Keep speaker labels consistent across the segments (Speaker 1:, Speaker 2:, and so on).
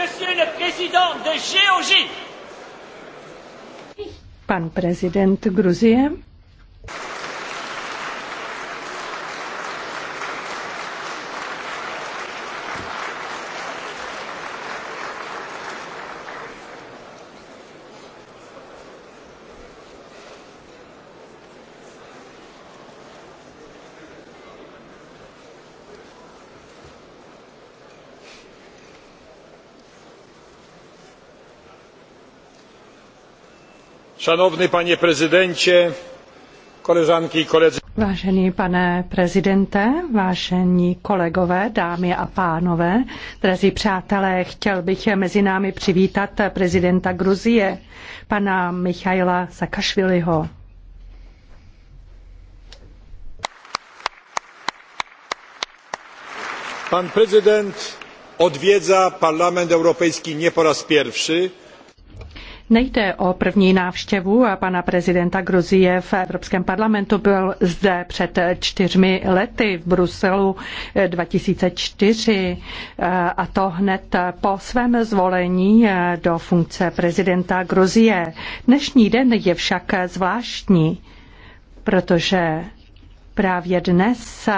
Speaker 1: Monsieur le président de Géorgie.
Speaker 2: Pan prezident Gruzie. pane Vážený pane prezidente, vážení kolegové, dámy a pánové, drazí přátelé, chtěl bych mezi námi přivítat prezidenta Gruzie, pana Michaila Sakašviliho.
Speaker 1: Pan prezident odwiedza Parlament Europejski nie po raz pierwszy.
Speaker 2: Nejde o první návštěvu a pana prezidenta Gruzie v Evropském parlamentu. Byl zde před čtyřmi lety v Bruselu 2004 eh, eh, a to hned po svém zvolení eh, do funkce prezidenta Gruzie. Dnešní den je však zvláštní, protože právě dnes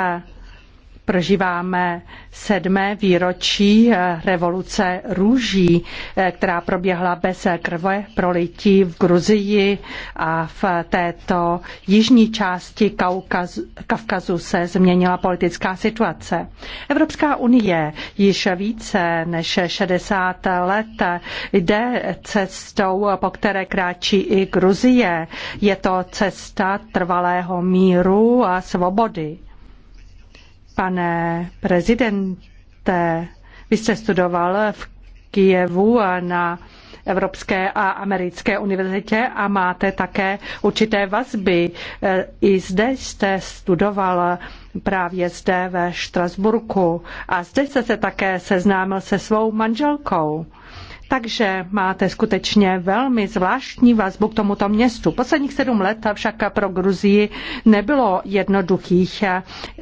Speaker 2: prožíváme sedmé výročí eh, revoluce růží, eh, která proběhla bez krve prolití v Gruzii a v této jižní části Kaukazu, Kavkazu se změnila politická situace. Evropská unie již více než 60 let jde cestou, po které kráčí i Gruzie. Je to cesta trvalého míru a svobody. Pane prezidente, vy jste studoval v Kijevu na Evropské a Americké univerzitě a máte také určité vazby. Eh, I zde jste studoval právě zde ve Štrasburku a zde jste se také seznámil se svou manželkou takže máte skutečně velmi zvláštní vazbu k tomuto městu. Posledních sedm let však pro Gruzii nebylo jednoduchých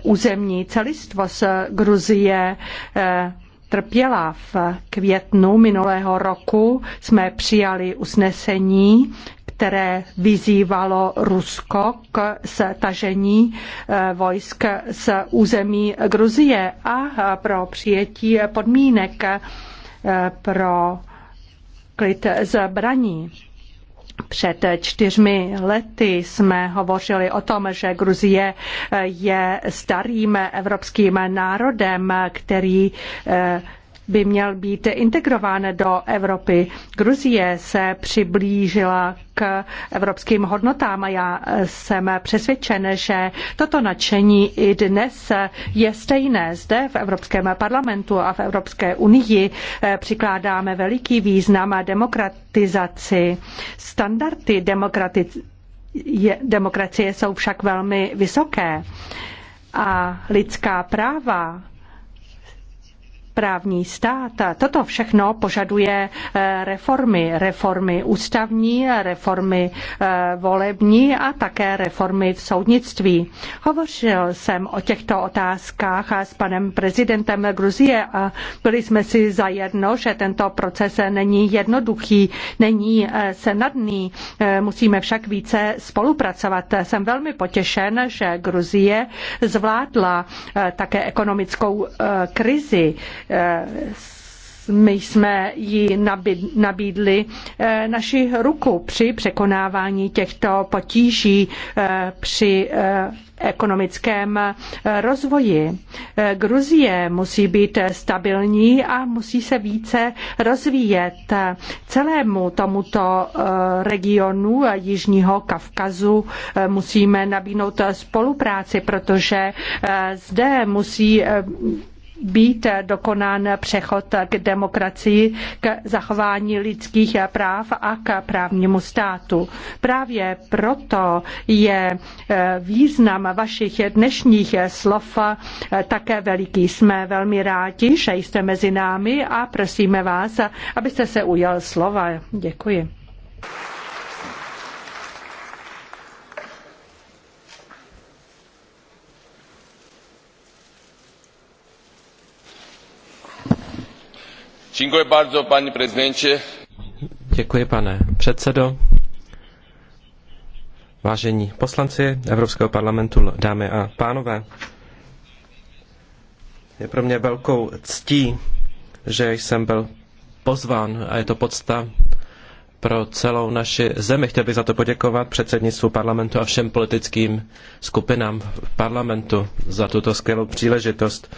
Speaker 2: územní celistvost Gruzie eh, trpěla v květnu minulého roku, jsme přijali usnesení, které vyzývalo Rusko k stažení eh, vojsk z území Gruzie a pro přijetí podmínek eh, pro klid zbraní. Před čtyřmi lety jsme hovořili o tom, že Gruzie je starým evropským národem, který eh, by měl být integrován do Evropy. Gruzie se přiblížila k evropským hodnotám a já jsem přesvědčen, že toto nadšení i dnes je stejné. Zde v Evropském parlamentu a v Evropské unii eh, přikládáme veliký význam a demokratizaci. Standardy demokratizace demokracie jsou však velmi vysoké a lidská práva právní stát. Toto všechno požaduje eh, reformy. Reformy ústavní, reformy eh, volební a také reformy v soudnictví. Hovořil jsem o těchto otázkách s panem prezidentem Gruzie a byli jsme si zajedno, že tento proces není jednoduchý, není eh, snadný. Musíme však více spolupracovat. Jsem velmi potěšen, že Gruzie zvládla také ekonomickou krizi Eh, my jsme ji nabídli eh, naši ruku při překonávání těchto potíží eh, při ekonomickém rozvoji. Gruzie musí být stabilní a musí se více rozvíjet. Celému tomuto regionu Jižního Kavkazu musíme nabídnout spolupráci, protože zde musí být dokonán přechod k demokracii, k zachování lidských práv a k právnímu státu. Právě proto je eh, význam vašich dnešních slov eh, také veliký. Jsme velmi rádi, že jste mezi námi a prosíme vás, abyste se ujal slova. Děkuji. Dziękuję bardzo, pani prezydencie.
Speaker 1: Děkuji, pane předsedo. Vážení poslanci Evropského parlamentu, dámy a pánové, je pro mě velkou ctí, že jsem byl pozván a je to podsta pro celou naši zemi. Chtěl bych za to poděkovat předsednictvu parlamentu a všem politickým skupinám v parlamentu za tuto skvělou příležitost.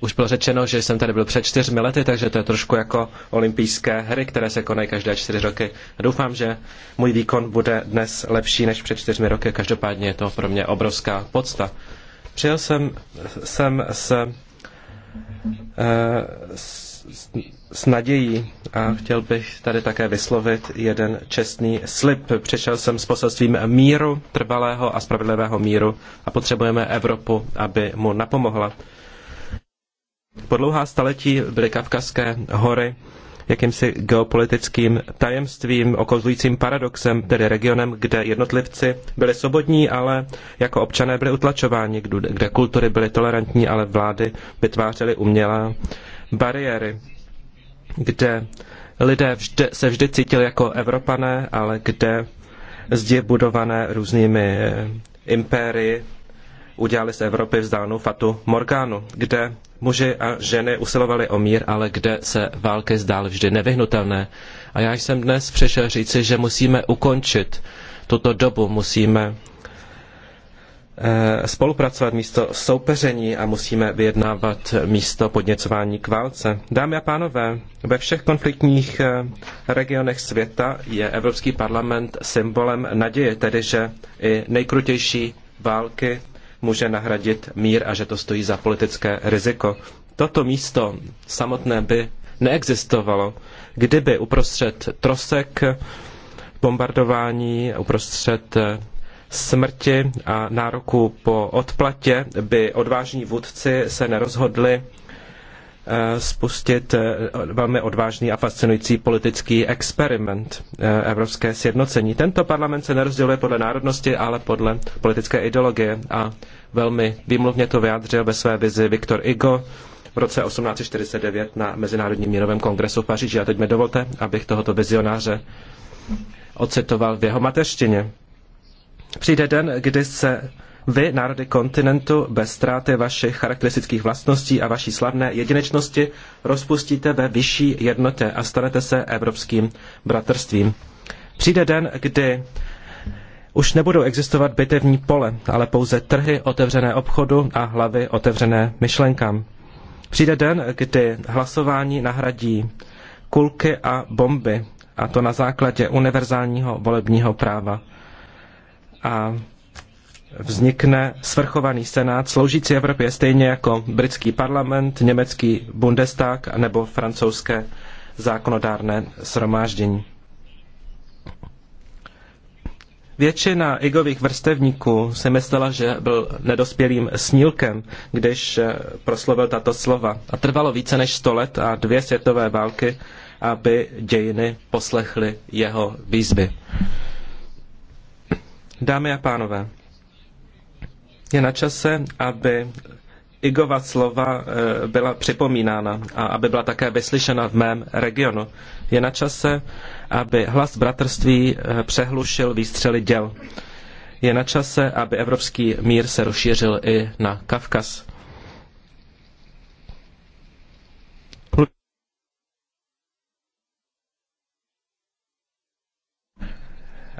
Speaker 1: Už bylo řečeno, že jsem tady byl před čtyřmi lety, takže to je trošku jako olympijské hry, které se konají každé čtyři roky. Doufám, že můj výkon bude dnes lepší než před čtyřmi roky. Každopádně je to pro mě obrovská podsta. Přijel jsem sem s, eh, s, s nadějí a chtěl bych tady také vyslovit jeden čestný slib. Přišel jsem s poselstvím míru, trvalého a spravedlivého míru a potřebujeme Evropu, aby mu napomohla. Po dlouhá staletí byly Kavkazské hory jakýmsi geopolitickým tajemstvím, okozujícím paradoxem, tedy regionem, kde jednotlivci byli svobodní, ale jako občané byli utlačováni, kde kultury byly tolerantní, ale vlády vytvářely umělé bariéry, kde lidé vždy, se vždy cítili jako Evropané, ale kde zdi budované různými eh, impérii udělali z Evropy vzdálenou Fatu Morgánu, kde muži a ženy usilovali o mír, ale kde se války zdály vždy nevyhnutelné. A já jsem dnes přišel říci, že musíme ukončit tuto dobu, musíme eh, spolupracovat místo soupeření a musíme vyjednávat místo podněcování k válce. Dámy a pánové, ve všech konfliktních eh, regionech světa je Evropský parlament symbolem naděje, tedy že i nejkrutější války může nahradit mír a že to stojí za politické riziko. Toto místo samotné by neexistovalo, kdyby uprostřed trosek, bombardování, uprostřed eh, smrti a nároku po odplatě by odvážní vůdci se nerozhodli Eh, spustit eh, velmi odvážný a fascinující politický experiment eh, evropské sjednocení. Tento parlament se nerozděluje podle národnosti, ale podle politické ideologie a velmi výmluvně to vyjádřil ve své vizi Viktor Igo v roce 1849 na Mezinárodním mírovém kongresu v Paříži. A teď mi dovolte, abych tohoto vizionáře ocitoval v jeho mateřštině. Přijde den, kdy se vy, národy kontinentu, bez ztráty vašich charakteristických vlastností a vaší slavné jedinečnosti rozpustíte ve vyšší jednotě a stanete se evropským bratrstvím. Přijde den, kdy už nebudou existovat bitevní pole, ale pouze trhy otevřené obchodu a hlavy otevřené myšlenkám. Přijde den, kdy hlasování nahradí kulky a bomby, a to na základě univerzálního volebního práva. A vznikne svrchovaný senát sloužící Evropě stejně jako britský parlament, německý Bundestag nebo francouzské zákonodárné shromáždění. Většina igových vrstevníků si myslela, že byl nedospělým snílkem, když eh, proslovil tato slova. A trvalo více než sto let a dvě světové války, aby dějiny poslechly jeho výzvy. Dámy a pánové, je na čase, aby Igova slova e, byla připomínána a aby byla také vyslyšena v mém regionu. Je na čase, aby hlas bratrství e, přehlušil výstřely děl. Je na čase, aby evropský mír se rozšířil i na Kavkaz.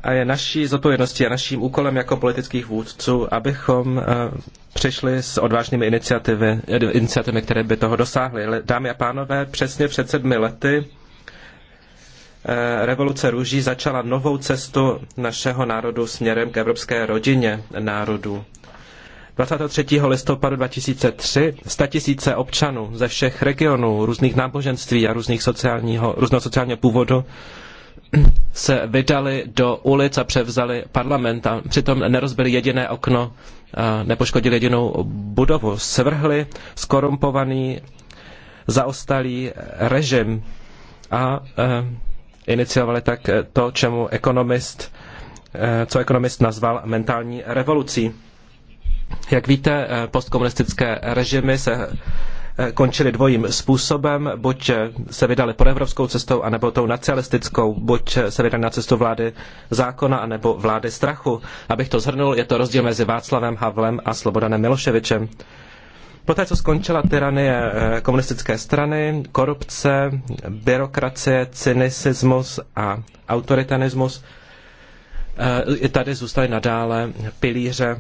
Speaker 1: a je naší zodpovědností a naším úkolem jako politických vůdců, abychom eh, přišli s odvážnými iniciativy, eh, iniciativy, které by toho dosáhly. Dámy a pánové, přesně před sedmi lety eh, revoluce růží začala novou cestu našeho národu směrem k evropské rodině národů. 23. listopadu 2003 statisíce občanů ze všech regionů, různých náboženství a různých sociálního, různého sociálního původu se vydali do ulic a převzali parlament a přitom nerozbili jediné okno, a nepoškodili jedinou budovu. Svrhli skorumpovaný, zaostalý režim a eh, iniciovali tak to, čemu ekonomist, eh, co ekonomist nazval mentální revolucí. Jak víte, eh, postkomunistické režimy se končili dvojím způsobem, buď eh, se vydali proevropskou cestou, anebo tou nacionalistickou, buď eh, se vydali na cestu vlády zákona, anebo vlády strachu. Abych to zhrnul, je to rozdíl mezi Václavem Havlem a Slobodanem Miloševičem. Poté, co skončila tyranie eh, komunistické strany, korupce, byrokracie, cynicismus a autoritanismus, tady zůstaly nadále pilíře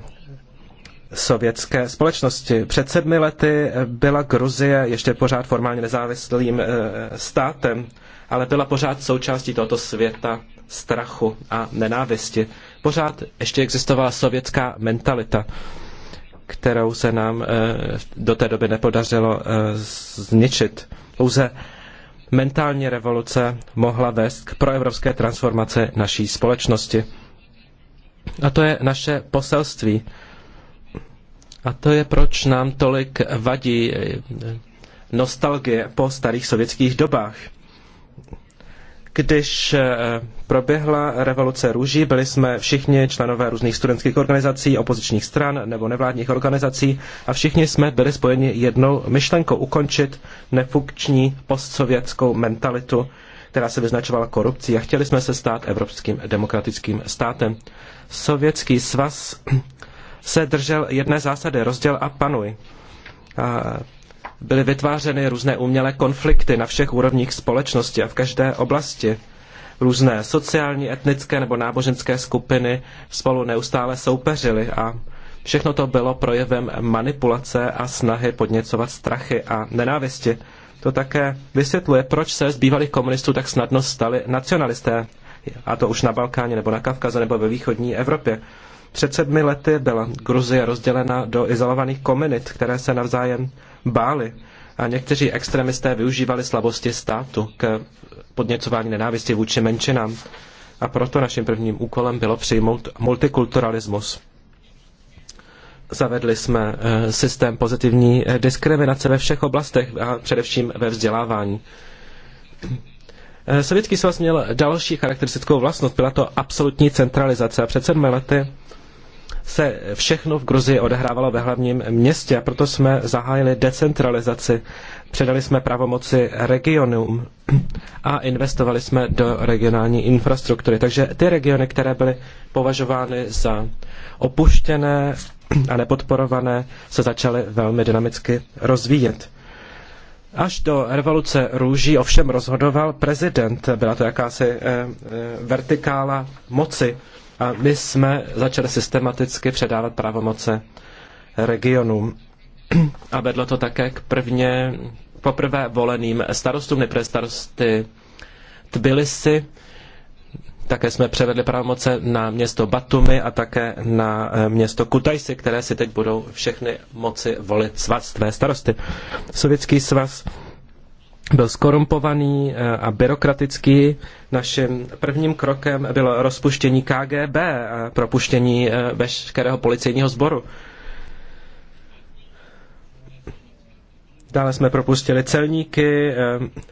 Speaker 1: sovětské společnosti. Před sedmi lety byla Gruzie ještě pořád formálně nezávislým eh, státem, ale byla pořád součástí tohoto světa strachu a nenávisti. Pořád ještě existovala sovětská mentalita, kterou se nám eh, do té doby nepodařilo eh, zničit. Pouze mentální revoluce mohla vést k proevropské transformaci naší společnosti. A to je naše poselství a to je, proč nám tolik vadí eh, nostalgie po starých sovětských dobách. Když eh, proběhla revoluce růží, byli jsme všichni členové různých studentských organizací, opozičních stran nebo nevládních organizací a všichni jsme byli spojeni jednou myšlenkou ukončit nefunkční postsovětskou mentalitu, která se vyznačovala korupcí a chtěli jsme se stát evropským demokratickým státem. Sovětský svaz se držel jedné zásady, rozděl a panuj. A byly vytvářeny různé umělé konflikty na všech úrovních společnosti a v každé oblasti. Různé sociální, etnické nebo náboženské skupiny spolu neustále soupeřily a všechno to bylo projevem manipulace a snahy podněcovat strachy a nenávisti. To také vysvětluje, proč se z bývalých komunistů tak snadno stali nacionalisté, a to už na Balkáně nebo na Kavkaze nebo ve východní Evropě. Před sedmi lety byla Gruzie rozdělena do izolovaných komunit, které se navzájem bály a někteří extremisté využívali slabosti státu k podněcování nenávisti vůči menšinám. A proto naším prvním úkolem bylo přijmout multikulturalismus. Zavedli jsme eh, systém pozitivní eh, diskriminace ve všech oblastech a především ve vzdělávání. Eh, Sovětský svaz měl další charakteristickou vlastnost, byla to absolutní centralizace a před sedmi lety se všechno v Gruzii odehrávalo ve hlavním městě a proto jsme zahájili decentralizaci. Předali jsme pravomoci regionům a investovali jsme do regionální infrastruktury. Takže ty regiony, které byly považovány za opuštěné a nepodporované, se začaly velmi dynamicky rozvíjet. Až do revoluce růží ovšem rozhodoval prezident. Byla to jakási eh, eh, vertikála moci a my jsme začali systematicky předávat pravomoce regionům. A vedlo to také k prvně, poprvé voleným starostům, nejprve starosty Tbilisi, také jsme převedli pravomoce na město Batumi a také na eh, město Kutajsi, které si teď budou všechny moci volit svaz, své starosty. Sovětský svaz byl skorumpovaný eh, a byrokratický. Naším prvním krokem bylo rozpuštění KGB a propuštění eh, veškerého policejního sboru. Dále jsme propustili celníky, eh,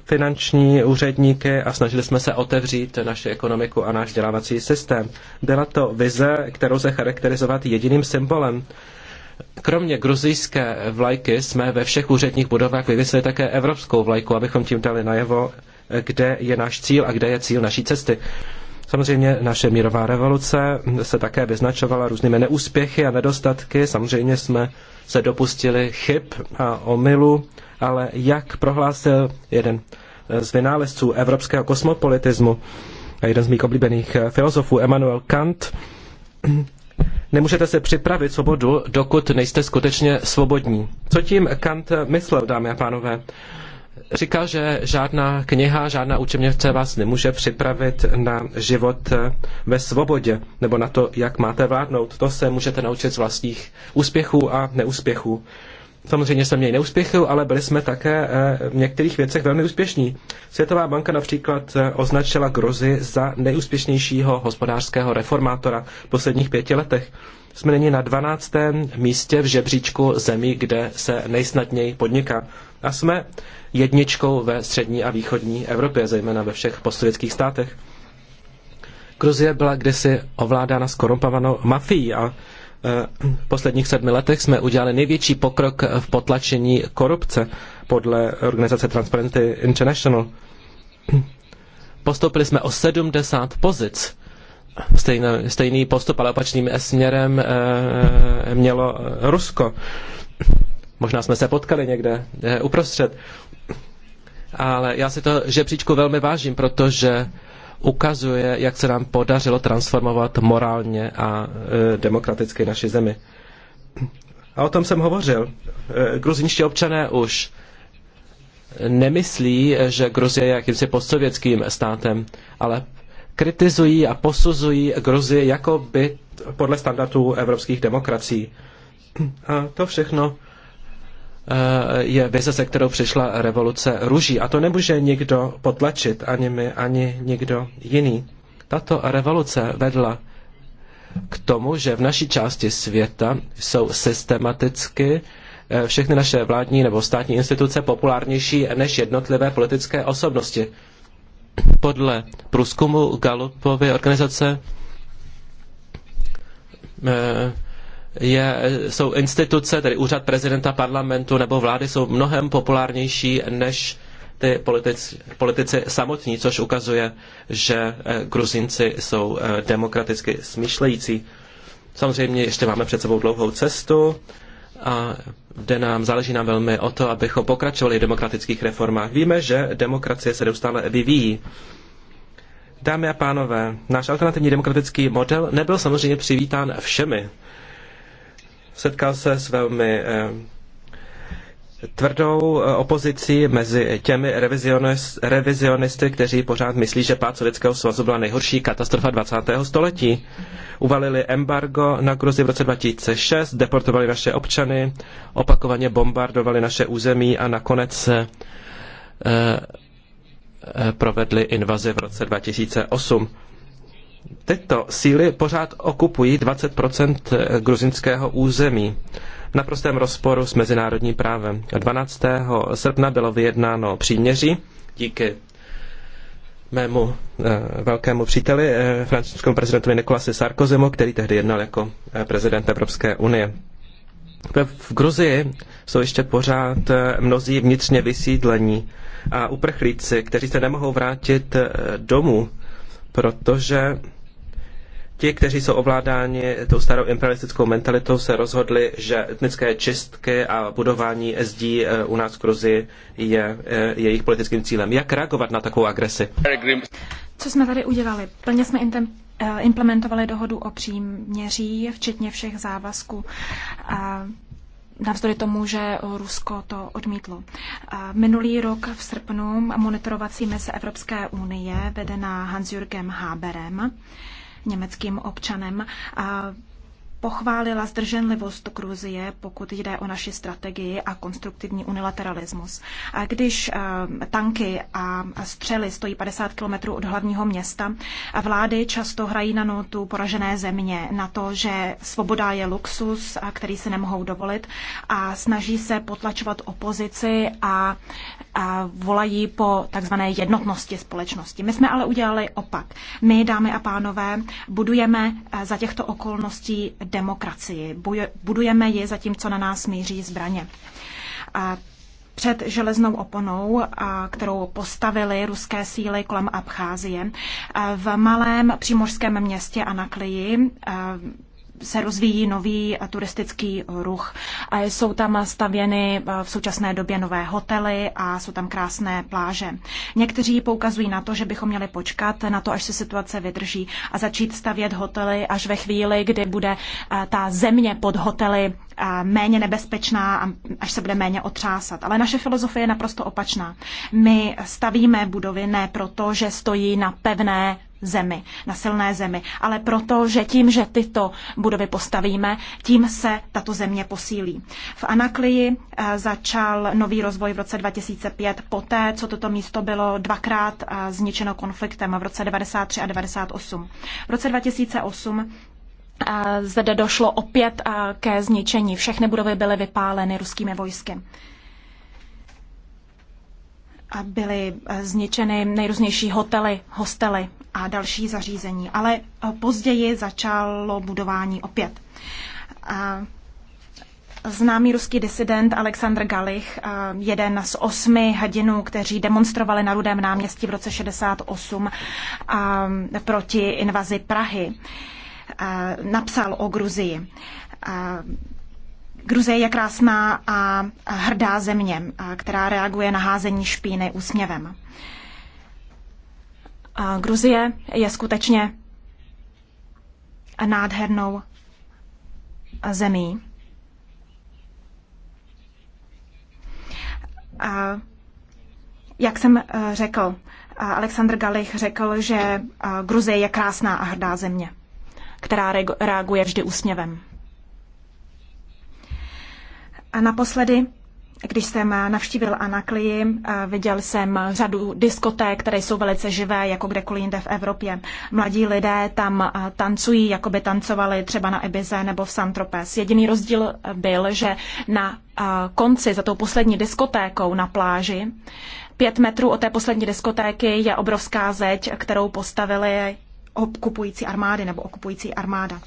Speaker 1: finanční úředníky a snažili jsme se otevřít naši ekonomiku a náš dělávací systém. Byla to vize, kterou se charakterizovat jediným symbolem. Kromě gruzijské vlajky jsme ve všech úředních budovách vyvěsili také evropskou vlajku, abychom tím dali najevo, kde je náš cíl a kde je cíl naší cesty. Samozřejmě naše mírová revoluce se také vyznačovala různými neúspěchy a nedostatky. Samozřejmě jsme se dopustili chyb a omylu, ale jak prohlásil jeden z vynálezců evropského kosmopolitismu a jeden z mých oblíbených filozofů Immanuel Kant, Nemůžete se připravit svobodu, dokud nejste skutečně svobodní. Co tím Kant myslel, dámy a pánové? Říká, že žádná kniha, žádná učebnice vás nemůže připravit na život ve svobodě, nebo na to, jak máte vládnout. To se můžete naučit z vlastních úspěchů a neúspěchů. Samozřejmě jsme měli neúspěchy, ale byli jsme také eh, v některých věcech velmi úspěšní. Světová banka například eh, označila Grozy za nejúspěšnějšího hospodářského reformátora v posledních pěti letech. Jsme nyní na 12. místě v žebříčku zemí, kde se nejsnadněji podniká. A jsme jedničkou ve střední a východní Evropě, zejména ve všech postsovětských státech. Gruzie byla kdysi ovládána skorumpovanou mafií a v posledních sedmi letech jsme udělali největší pokrok v potlačení korupce podle organizace Transparency International. Postoupili jsme o 70 pozic. Stejný, stejný postup, ale opačným směrem e, mělo Rusko. Možná jsme se potkali někde e, uprostřed. Ale já si to žebříčku velmi vážím, protože ukazuje, jak se nám podařilo transformovat morálně a e, demokraticky naši zemi. A o tom jsem hovořil. E, Gruzinští občané už nemyslí, že Gruzie je jakýmsi postsovětským státem, ale kritizují a posuzují Gruzie jako by podle standardů evropských demokracií. A to všechno Eh, je vize, se kterou přišla revoluce růží. A to nemůže nikdo potlačit, ani my, ani nikdo jiný. Tato revoluce vedla k tomu, že v naší části světa jsou systematicky eh, všechny naše vládní nebo státní instituce populárnější než jednotlivé politické osobnosti. Podle průzkumu Galupovy organizace eh, je, jsou instituce, tedy úřad prezidenta parlamentu nebo vlády, jsou mnohem populárnější než ty politici, politici samotní, což ukazuje, že eh, Gruzinci jsou eh, demokraticky smýšlející. Samozřejmě ještě máme před sebou dlouhou cestu a kde nám záleží nám velmi o to, abychom pokračovali v demokratických reformách. Víme, že demokracie se neustále vyvíjí. Dámy a pánové, náš alternativní demokratický model nebyl samozřejmě přivítán všemi setkal se s velmi eh, tvrdou eh, opozicí mezi těmi revizionisty, kteří pořád myslí, že pád Sovětského svazu byla nejhorší katastrofa 20. století. Uvalili embargo na Gruzi v roce 2006, deportovali naše občany, opakovaně bombardovali naše území a nakonec eh, eh provedli invazi v roce 2008. Tyto síly pořád okupují 20 gruzinského území v naprostém rozporu s mezinárodním právem. 12. srpna bylo vyjednáno příměří díky mému eh, velkému příteli, eh, francouzskému prezidentovi Nikolasi Sarkozymu, který tehdy jednal jako eh, prezident Evropské unie. V Gruzii jsou ještě pořád eh, mnozí vnitřně vysídlení a uprchlíci, kteří se nemohou vrátit eh, domů, protože Ti, kteří jsou ovládáni tou starou imperialistickou mentalitou, se rozhodli, že etnické čistky a budování zdí eh, u nás v Gruzii je eh, jejich politickým cílem. Jak reagovat na takovou agresi?
Speaker 3: Co jsme tady udělali? Plně jsme eh, implementovali dohodu o příměří, včetně všech závazků. A navzdory tomu, že Rusko to odmítlo. Minulý rok v srpnu monitorovací mise Evropské unie vedená Hans-Jürgem Haberem německým občanem pochválila zdrženlivost Gruzie, pokud jde o naši strategii a konstruktivní unilateralismus. A když eh, tanky a střely stojí 50 kilometrů od hlavního města, a vlády často hrají na notu poražené země, na to, že svoboda je luxus, který se nemohou dovolit a snaží se potlačovat opozici a, a volají po takzvané jednotnosti společnosti. My jsme ale udělali opak. My, dámy a pánové, budujeme eh, za těchto okolností demokracii. Budujeme ji, zatímco na nás míří zbraně. A před železnou oponou, kterou postavili ruské síly kolem Abcházie. V malém přímořském městě Anaklii se rozvíjí nový turistický ruch. Jsou tam stavěny eh, v současné době nové hotely a jsou tam krásné pláže. Někteří poukazují na to, že bychom měli počkat na to, až se situace vydrží a začít stavět hotely až ve chvíli, kdy bude eh, ta země pod hotely eh, méně nebezpečná a až se bude méně otřásat. Ale naše filozofie je naprosto opačná. My stavíme budovy ne proto, že stojí na pevné zemi, na silné zemi, ale proto, že tím, že tyto budovy postavíme, tím se tato země posílí. V Anaklii eh, začal nový rozvoj v roce 2005, poté, co toto místo bylo dvakrát eh, zničeno konfliktem v roce 93 a 98. V roce 2008 eh, zde došlo opět ke zničení. Všechny budovy byly vypáleny ruskými vojsky byly eh, zničeny nejrůznější hotely, hostely a další zařízení, ale eh, později začalo budování opět. Známý ruský disident Aleksandr Galich, eh, jeden z osmi hrdinů, kteří demonstrovali na Rudém náměstí v roce 68 proti invazi Prahy, napsal o Gruzii Gruzie je krásná a hrdá země, která reaguje na házení špíny úsměvem. Gruzie je skutečně nádhernou zemí. A jak jsem e, řekl, Aleksandr Galich řekl, že e, Gruzie je krásná a hrdá země, která reaguje vždy úsměvem. A naposledy, když jsem navštívil Anaklii, eh, viděl jsem řadu diskoték, které jsou velice živé, jako kdekoliv jinde v Evropě. Mladí lidé tam eh, tancují, jako by tancovali třeba na Ibize nebo v Santropes. Jediný rozdíl byl, že na eh, konci, za tou poslední diskotékou na pláži, pět metrů od té poslední diskotéky je obrovská zeď, kterou postavili okupující armády nebo okupující armáda.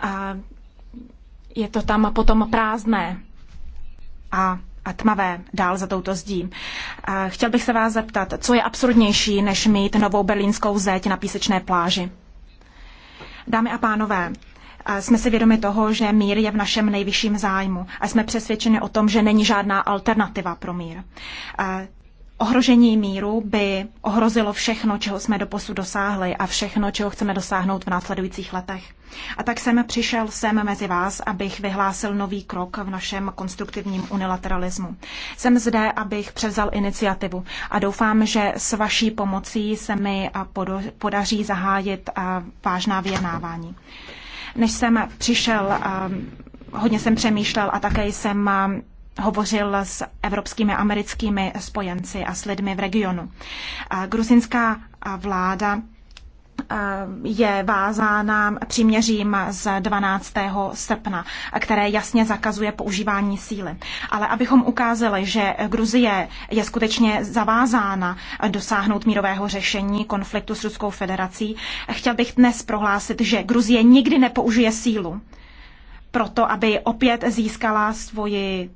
Speaker 3: A je to tam potom prázdné a, a tmavé dál za touto zdí. Chtěl bych se vás zeptat, co je absurdnější, než mít novou berlínskou zeď na písečné pláži? Dámy a pánové, jsme si vědomi toho, že mír je v našem nejvyšším zájmu a jsme přesvědčeni o tom, že není žádná alternativa pro mír ohrožení míru by ohrozilo všechno, čeho jsme doposud dosáhli a všechno, čeho chceme dosáhnout v následujících letech. A tak jsem přišel sem mezi vás, abych vyhlásil nový krok v našem konstruktivním unilateralismu. Jsem zde, abych převzal iniciativu a doufám, že s vaší pomocí se mi podaří zahájit vážná vyjednávání. Než jsem přišel hodně jsem přemýšlel a také jsem hovořil s evropskými americkými spojenci a s lidmi v regionu. Gruzinská vláda je vázána příměřím z 12. srpna, které jasně zakazuje používání síly. Ale abychom ukázali, že Gruzie je skutečně zavázána dosáhnout mírového řešení konfliktu s Ruskou federací, chtěl bych dnes prohlásit, že Gruzie nikdy nepoužije sílu proto, aby opět získala svoji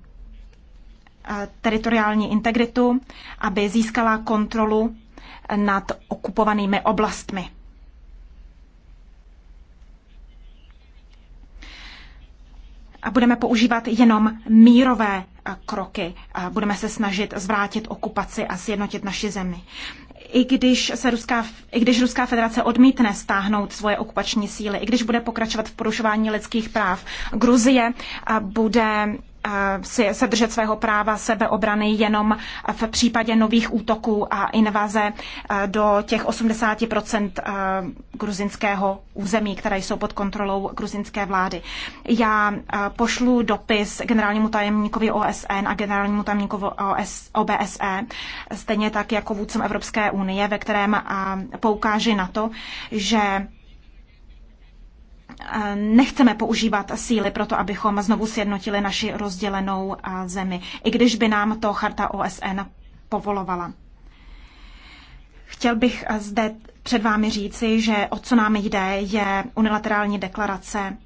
Speaker 3: Eh, teritoriální integritu, aby získala kontrolu nad okupovanými oblastmi. A budeme používat jenom mírové eh, kroky. A budeme se snažit zvrátit okupaci a sjednotit naši zemi. I když, se Ruská, I když Ruská federace odmítne stáhnout svoje okupační síly, i když bude pokračovat v porušování lidských práv, Gruzie eh, bude Eh, si se držet svého práva sebeobrany jenom v případě nových útoků a invaze eh, do těch 80 eh, gruzinského území, které jsou pod kontrolou gruzinské vlády. Já pošlu dopis generálnímu tajemníkovi OSN a generálnímu tajemníkovi OS, OBSE, stejně tak jako vůdcům Evropské unie, ve kterém poukáži na to, že nechceme používat síly pro to, abychom znovu sjednotili naši rozdělenou zemi, i když by nám to charta OSN povolovala. Chtěl bych zde před vámi říci, že o co nám jde, je unilaterální deklarace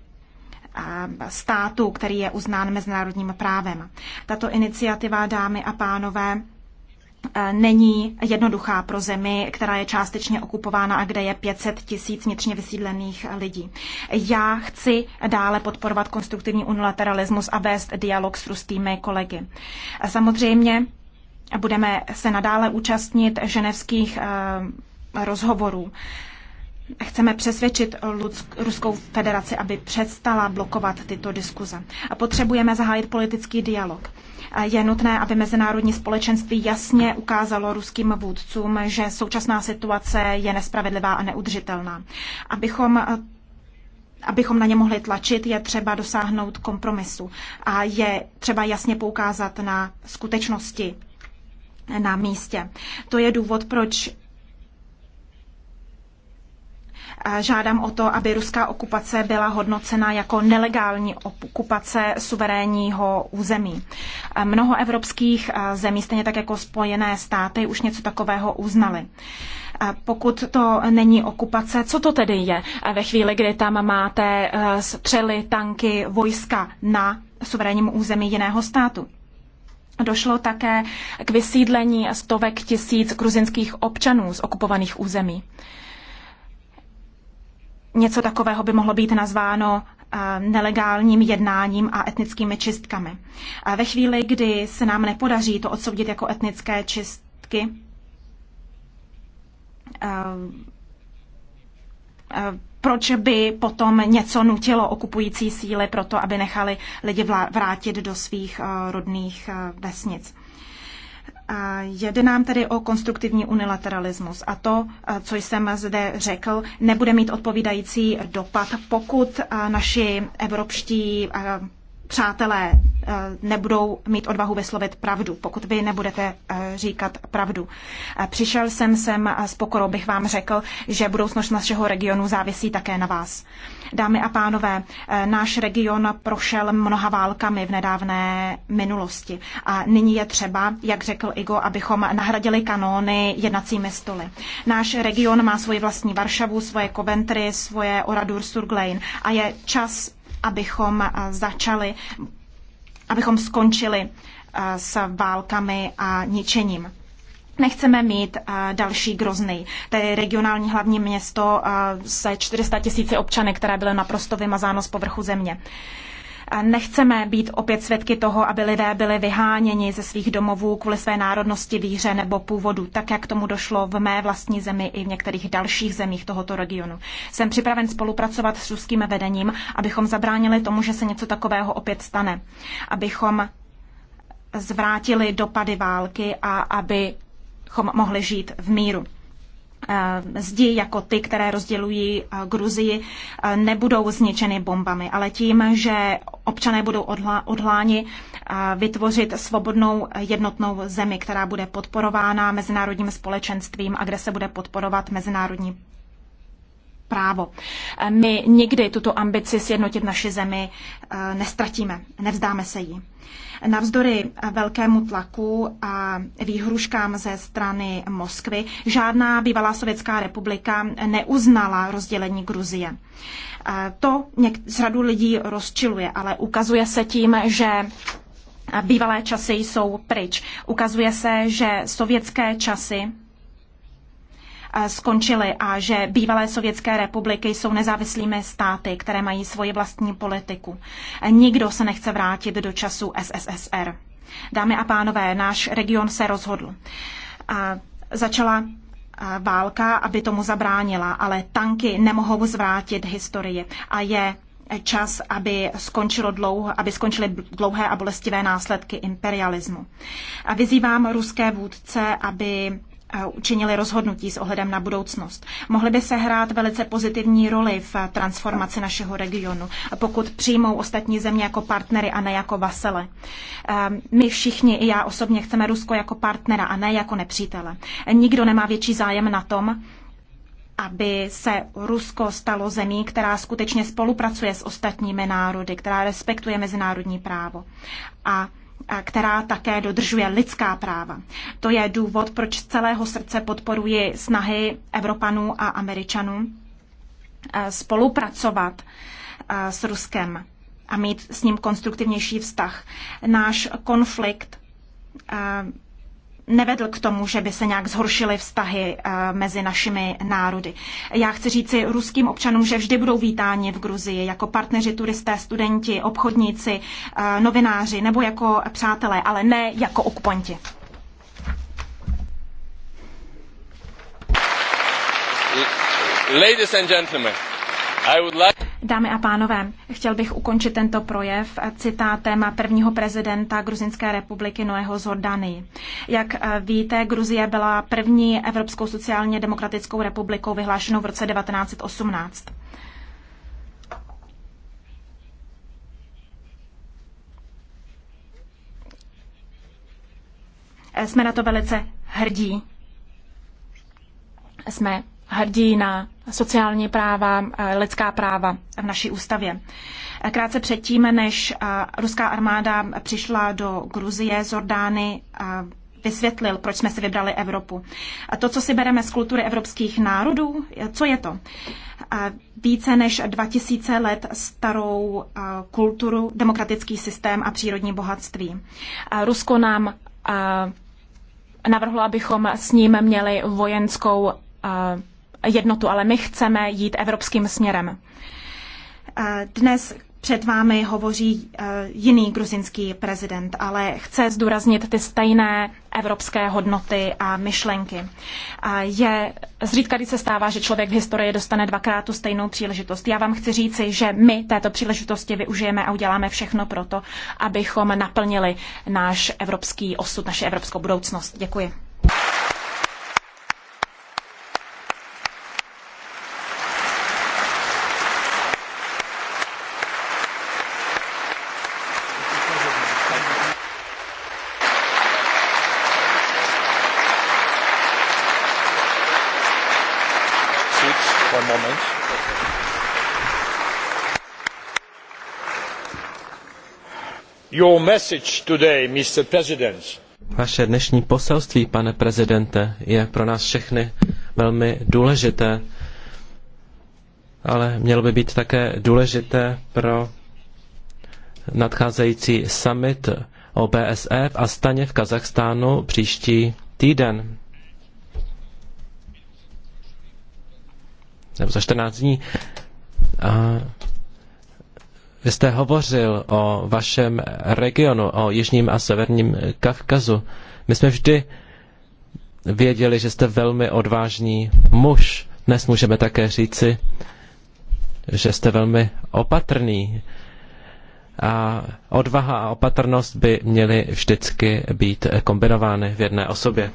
Speaker 3: státu, který je uznán mezinárodním právem. Tato iniciativa, dámy a pánové, E, není jednoduchá pro zemi, která je částečně okupována a kde je 500 tisíc vnitřně vysídlených lidí. Já chci dále podporovat konstruktivní unilateralismus a vést dialog s ruskými kolegy. Samozřejmě budeme se nadále účastnit ženevských e, rozhovorů. Chceme přesvědčit Ruskou federaci, aby přestala blokovat tyto diskuze. Potřebujeme zahájit politický dialog. Je nutné, aby mezinárodní společenství jasně ukázalo ruským vůdcům, že současná situace je nespravedlivá a neudržitelná. Abychom abychom na ně mohli tlačit, je třeba dosáhnout kompromisu a je třeba jasně poukázat na skutečnosti na místě. To je důvod, proč Žádám o to, aby ruská okupace byla hodnocena jako nelegální okupace suverénního území. Mnoho evropských zemí, stejně tak jako Spojené státy, už něco takového uznali. Pokud to není okupace, co to tedy je ve chvíli, kdy tam máte e, střely, tanky, vojska na suverénním území jiného státu? Došlo také k vysídlení stovek tisíc gruzinských občanů z okupovaných území. Něco takového by mohlo být nazváno eh, nelegálním jednáním a etnickými čistkami. A ve chvíli, kdy se nám nepodaří to odsoudit jako etnické čistky, eh, eh, proč by potom něco nutilo okupující síly pro to, aby nechali lidi vrátit do svých rodných vesnic. Jede nám tedy o konstruktivní unilateralismus a to, eh, co jsem zde řekl, nebude mít odpovídající dopad, pokud eh, naši evropští eh, přátelé eh, nebudou mít odvahu vyslovit pravdu, pokud vy nebudete eh, říkat pravdu. Eh, přišel jsem sem s pokorou, bych vám řekl, že budoucnost našeho regionu závisí také na vás. Dámy a pánové, náš region prošel mnoha válkami v nedávné minulosti a nyní je třeba, jak řekl Igo, abychom nahradili kanóny jednacími stoly. Náš region má svoji vlastní Varšavu, svoje Coventry, svoje Oradur Surglein a je čas abychom eh, začali, abychom skončili eh, s válkami a ničením. Nechceme mít eh, další To je regionální hlavní město se 400 tisíci občany, které bylo naprosto vymazáno z povrchu země. Nechceme být opět svědky toho, aby lidé byli vyháněni ze svých domovů kvůli své národnosti, víře nebo původu, tak jak tomu došlo v mé vlastní zemi i v některých dalších zemích tohoto regionu. Jsem připraven spolupracovat s ruským vedením, abychom zabránili tomu, že se něco takového opět stane. Abychom zvrátili dopady války a abychom mohli žít v míru. Eh, zdi jako ty, které rozdělují eh, Gruzii, eh, nebudou zničeny bombami, ale tím, že občané budou odhláni vytvořit svobodnou jednotnou zemi, která bude podporována mezinárodním společenstvím a kde se bude podporovat mezinárodní právo. My nikdy tuto ambici sjednotit naši zemi eh, nestratíme, nevzdáme se jí. Navzdory velkému tlaku a výhruškám ze strany Moskvy žádná bývalá sovětská republika neuznala rozdělení Gruzie. Eh, to z řadu lidí rozčiluje, ale ukazuje se tím, že bývalé časy jsou pryč. Ukazuje se, že sovětské časy Eh, skončily a že bývalé sovětské republiky jsou nezávislými státy, které mají svoji vlastní politiku. Eh, nikdo se nechce vrátit do času SSSR. Dámy a pánové, náš region se rozhodl. Začala eh, válka, aby tomu zabránila, ale tanky nemohou zvrátit historii a je čas, aby, skončilo dlouho, aby skončily dlouhé a bolestivé následky imperialismu. A vyzývám ruské vůdce, aby učinili rozhodnutí s ohledem na budoucnost. Mohli by se hrát velice pozitivní roli v transformaci našeho regionu, pokud přijmou ostatní země jako partnery a ne jako vasele. Ehm, my všichni, i já osobně, chceme Rusko jako partnera a ne jako nepřítele. Nikdo nemá větší zájem na tom, aby se Rusko stalo zemí, která skutečně spolupracuje s ostatními národy, která respektuje mezinárodní právo. A která také dodržuje lidská práva. To je důvod, proč z celého srdce podporuji snahy Evropanů a Američanů eh, spolupracovat eh, s Ruskem a mít s ním konstruktivnější vztah. Náš konflikt eh, nevedl k tomu, že by se nějak zhoršily vztahy eh, mezi našimi národy. Já chci říci ruským občanům, že vždy budou vítáni v Gruzii jako partneři, turisté, studenti, obchodníci, eh, novináři nebo jako přátelé, ale ne jako okuponti.
Speaker 1: Ladies and gentlemen.
Speaker 3: Dámy a pánové, chtěl bych ukončit tento projev citátem prvního prezidenta Gruzinské republiky Noého Zordany. Jak eh, víte, Gruzie byla první Evropskou sociálně demokratickou republikou vyhlášenou v roce 1918. Eh, jsme na to velice hrdí. Jsme hrdí na sociální práva, eh, lidská práva v naší ústavě. Eh, krátce předtím, než eh, ruská armáda přišla do Gruzie, Zordány, vysvětlil, proč jsme si vybrali Evropu. A to, co si bereme z kultury evropských národů, co je to? A více než 2000 let starou kulturu, demokratický systém a přírodní bohatství. A Rusko nám navrhlo, abychom s ním měli vojenskou jednotu, ale my chceme jít evropským směrem. Dnes před vámi hovoří e, jiný gruzinský prezident, ale chce zdůraznit ty stejné evropské hodnoty a myšlenky. Je zřídka, když se stává, že člověk v historii dostane dvakrát tu stejnou příležitost. Já vám chci říci, že my této příležitosti využijeme a uděláme všechno proto, abychom naplnili náš evropský osud, naše evropskou budoucnost. Děkuji.
Speaker 2: Your message today, Mr. President.
Speaker 1: Vaše dnešní poselství, pane prezidente, je pro nás všechny velmi důležité, ale mělo by být také důležité pro nadcházející summit OBSF a Astaně v Kazachstánu příští týden. Nebo za 14 dní. A vy jste hovořil o vašem regionu, o Jižním a Severním Kavkazu. My jsme vždy věděli, že jste velmi odvážný muž. Dnes můžeme také říci, že jste velmi opatrný. A odvaha a opatrnost by měly vždycky být kombinovány v jedné osobě.